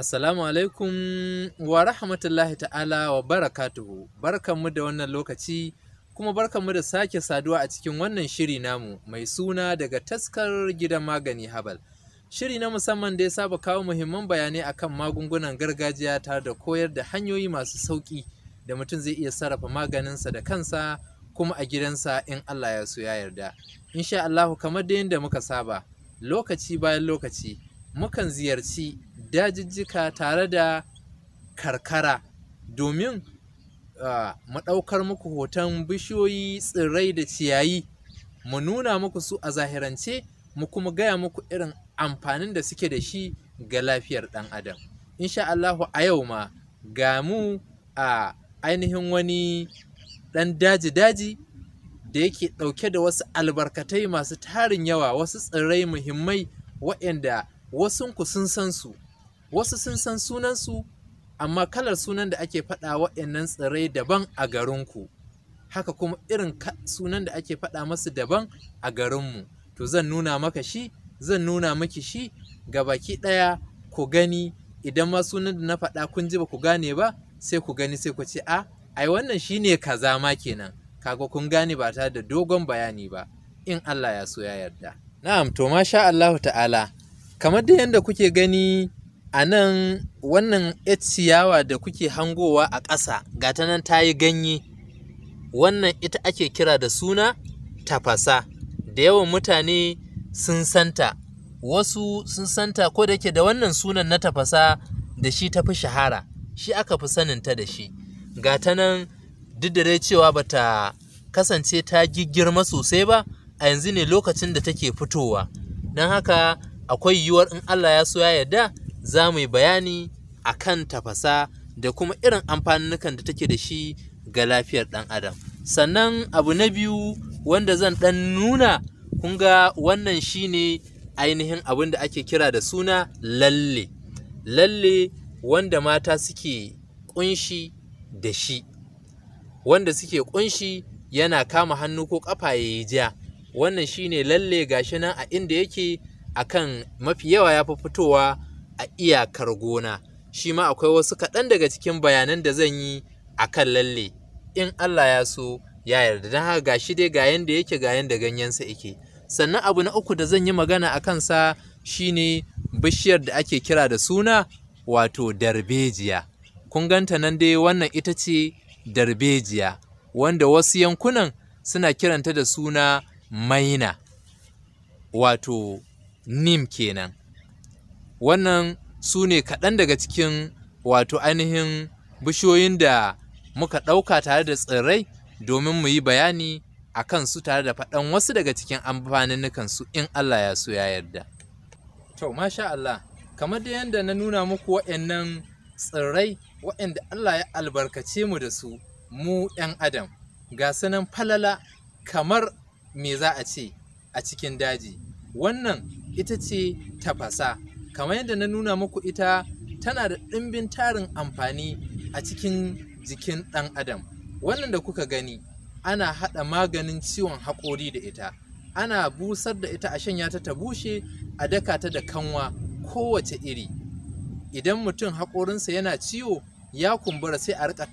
Assalamu alaikum wa rahmatullahi ta'ala wa barakatuhu. Barkanmu da wannan lokaci kuma barkanmu da sake saduwa a cikin wannan shiri namu mai suna daga taskar gidan magani Habal. Shiri na musamman da ya saba kawo muhimman bayanai akan magungunan gargajiya tare da koyar da hanyoyi masu sauƙi da mutum zai iya sarrafa maganinsa da kansa kuma a gidansa in Allah ya so ya yarda. Insha Allahu kamar da yadda muka saba lokaci bayan lokaci mukan ziyarci dajijjika tare da karkara domin mu ɗaukar muku hoton bishiyoyi tsirrai da ciyayi mu nuna muku su a zahirance mu kuma gaya muku irin amfanin da suke da shi ga lafiyar ɗan adam insha Allahu a yau ma ga mu a ainihin wani ɗan daji-daji da yake ɗauke da wasu albarkatai masu tarin yawa wasu tsirrai muhimmai waɗanda wasunku sun san su wasu sun san sunansu amma kalar sunan da ake faɗa waɗannan tsirrai daban a garin ku. haka kuma irin sunan da ake faɗa masu daban a garinmu to zan nuna maka shi zan nuna miki shi ga baki ɗaya ku gani idan ma sunan da na faɗa kun ji ba ku gane ba sai ku gani sai ku ce a ah, ai wannan shine kaza ma kenan kaga kun gane ba ta da dogon bayani ba in Allah ya so ya yarda na'am to masha Allah ta'ala kamar da yadda kuke gani a nan wannan yar ciyawa da kuke hangowa a ƙasa ga ta nan ta yi ganye wannan ita ake kira da suna tafasa da yawan mutane sun santa wasu sun santa ko da yake da wannan sunan na tafasa da shi tafi shahara shi aka fi saninta da shi Ga ta nan duk da dai cewa bata kasance ta girma sosai ba a yanzu ne lokacin da take fitowa don haka akwai yiwuwar in Allah ya so ya yarda za mu yi bayani a kan tafasa da kuma irin amfanin da take da shi ga lafiyar ɗan adam sannan abu na biyu wanda zan ɗan nuna kun ga wannan shine ainihin abin da ake kira da suna lalle lalle wanda mata suke ƙunshi da shi wanda suke ƙunshi yana kama hannu ko ƙafa ya yi ja wannan shine lalle gashi nan a inda yake akan mafi yawa ya fi fitowa a iyakar gona shi ma akwai wasu kaɗan daga cikin bayanan da zan yi a kan lalle in Allah ya so ya yarda don haka ga shi dai ga yanda yake ga yanda ganyensa yake sannan abu na uku da zan yi magana a kansa shine bishiyar da ake kira da suna wato darbejiya kun ganta nan dai wannan ita ce darbejiya wanda wasu yankunan suna kiranta da suna maina wato nim kenan wannan su ne kaɗan daga cikin wato ainihin bishiyoyin da muka ɗauka tare da tsirrai domin mu yi bayani a kansu tare da faɗan wasu daga cikin su in Allah ya so ya yarda. To, masha Allah, kamar da yadda na nuna muku nan tsirrai waɗanda Allah ya albarkace mu da su mu ‘yan adam ga sanan falala kamar me za a ce a cikin daji wannan ita ce tafasa kamar yadda na nuna muku ita tana da ɗimbin tarin amfani a cikin jikin ɗan adam wannan da kuka gani ana haɗa maganin ciwon haƙori da ita ana busar da ita a shanya ta ta bushe a daka ta da kanwa kowace iri idan mutum haƙorinsa yana ciwo ya kumbura sai a riƙa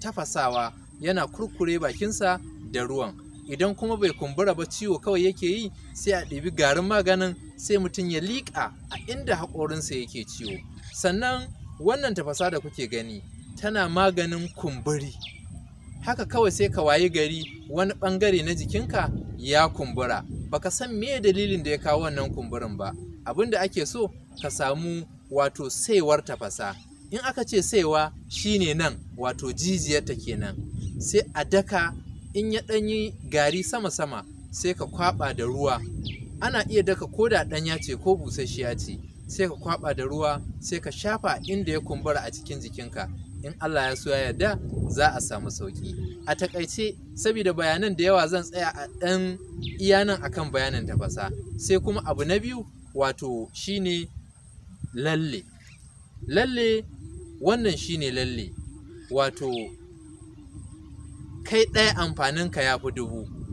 tafasawa yana kurkure bakinsa da ruwan idan kuma bai kumbura ba ciwo kawai yake yi sai a ɗibi garin maganin sai mutum ya liƙa a inda haƙorinsa yake ciwo sannan wannan tafasa da kuke gani tana maganin kumburi haka kawai sai ka wayi gari wani ɓangare na jikinka ya kumbura baka san me dalilin da ya kawo wannan kumburin ba abin da ake so ka samu wato saiwar tafasa in aka ce saiwa shine nan wato jijiyarta kenan sai a daka in ya ɗanyi gari sama-sama sai ka kwaɓa da ruwa ana iya daka ko da ɗanya ce ko busasshiya ce sai ka kwaba da ruwa sai ka shafa inda ya kumbura a cikin jikinka in Allah ya so ya yarda za a samu sauki a takaice saboda bayanan da yawa zan tsaya a ɗan iyanan akan bayanin tafasa sai kuma abu na biyu wato shine lalle lalle wannan shine lalle wato kai ɗaya amfaninka ya fi dubu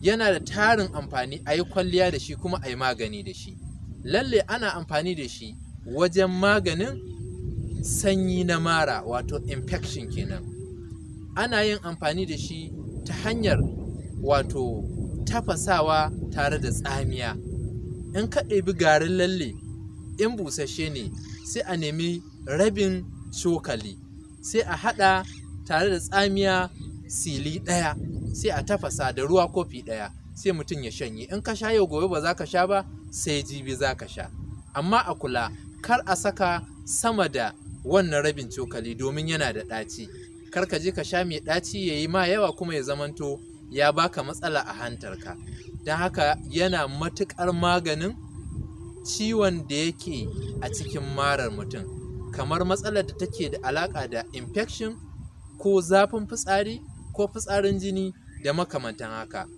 yana da tarin amfani a yi kwalliya da shi kuma a yi magani da shi lalle ana amfani da shi wajen maganin sanyi na mara wato infection kenan ana yin amfani da shi ta hanyar wato tafasawa tare da tsamiya in ka ɗabi garin lalle in busasshe ne sai a nemi rabin cokali sai a haɗa tare da tsamiya sili ɗaya sai a tafasa da ruwa kofi ɗaya sai mutum ya shanye in ka sha yau gobe ba za ka sha ba sai jibi za ka sha amma a kula kar a saka sama da wannan rabin cokali domin yana da ɗaci kar ka je ka sha mai ɗaci ya yi ma yawa kuma ya zamanto ya baka matsala a hantar ka. don haka yana matuƙar maganin ciwon da yake a cikin marar mutum kamar matsalar da take da alaƙa da infection ko zafin fitsari ko fitsarin jini da makamantan haka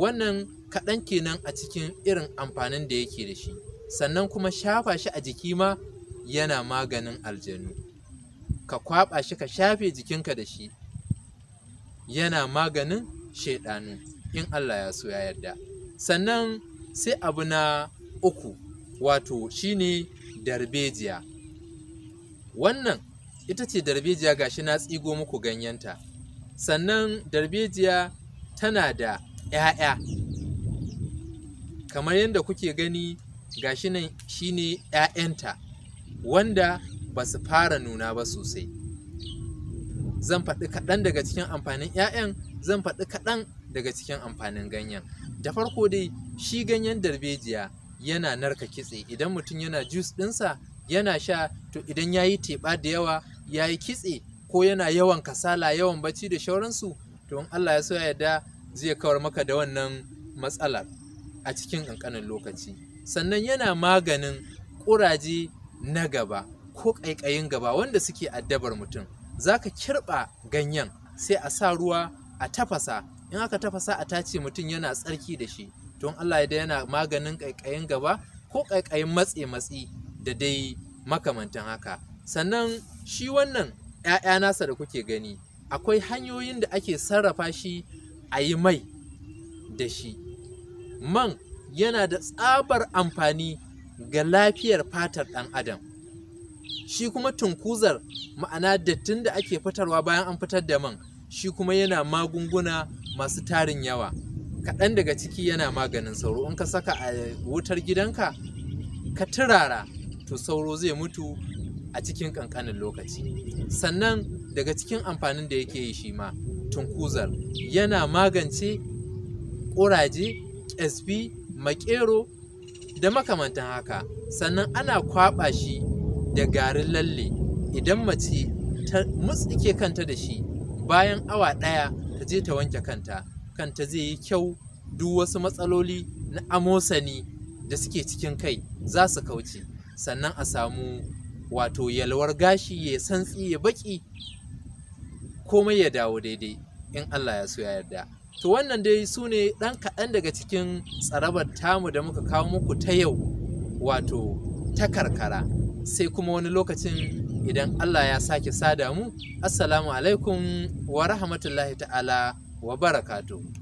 wannan kaɗan kenan a cikin irin amfanin da yake da shi sannan kuma shafa shi a jiki ma yana maganin aljanu ka kwaɓa shi ka shafe jikinka da shi yana maganin shaiɗanu in Allah ya so ya yarda sannan sai abu na uku wato shine darbejiya wannan ita ce darbejiya gashi na tsigo muku ganyenta sannan darbejiya tana da ‘ya'ya kamar yadda kuke gani ga shi nan shi ne ‘ya'yanta wanda ba su fara nuna ba sosai zan faɗi kaɗan daga cikin amfanin ‘ya'yan zan faɗi kaɗan daga cikin amfanin ganyen da farko dai shi ganyen darbejiya yana narka kitse idan mutum yana jus ɗinsa yana sha to idan ya yi teɓa da yawa ya yi kitse ko yana yawan kasala yawan bacci da shauransu to in Allah ya so ya yarda zai kawar maka da wannan matsalar a cikin ƙanƙanin lokaci sannan yana maganin ƙuraje na gaba ko ƙaiƙayin gaba wanda suke addabar mutum za ka kirɓa ganyen sai a sa ruwa a tafasa in aka tafasa a tace mutum yana tsarki da shi don Allah ya da yana maganin ƙaiƙayin gaba ko ƙaiƙayin matse matsi da dai makamantan haka sannan shi wannan ‘ya'ya nasa da kuke gani akwai hanyoyin da ake sarrafa shi a yi mai da shi man yana da tsabar amfani ga lafiyar fatar ɗan adam shi kuma tunkuzar ma'ana dattin da ake fitarwa bayan an fitar da man shi kuma yana magunguna masu tarin yawa kaɗan daga ciki yana maganin sauro in ka saka a wutar gidanka ka turara to sauro zai mutu a cikin ƙanƙanin lokaci sannan daga cikin amfanin da yake yi shi ma tunkuzar yana magance ƙuraje ƙyasbi maƙero da makamantan haka sannan ana kwaɓa shi da garin lalle idan mace ta mutsike kanta da shi bayan awa ɗaya ta je ta wanke kanta kanta zai yi kyau duk wasu matsaloli na amosani da suke cikin kai za su kauce sannan a samu wato yalwar gashi ya santsi ya baki komai ya dawo daidai in Allah ya so ya yarda to wannan dai su ne ɗan kaɗan daga cikin tsarabar tamu da muka kawo muku ta yau wato ta karkara sai kuma wani lokacin idan Allah ya sake sada mu assalamu alaikum wa rahmatullahi ta'ala wa barakatuh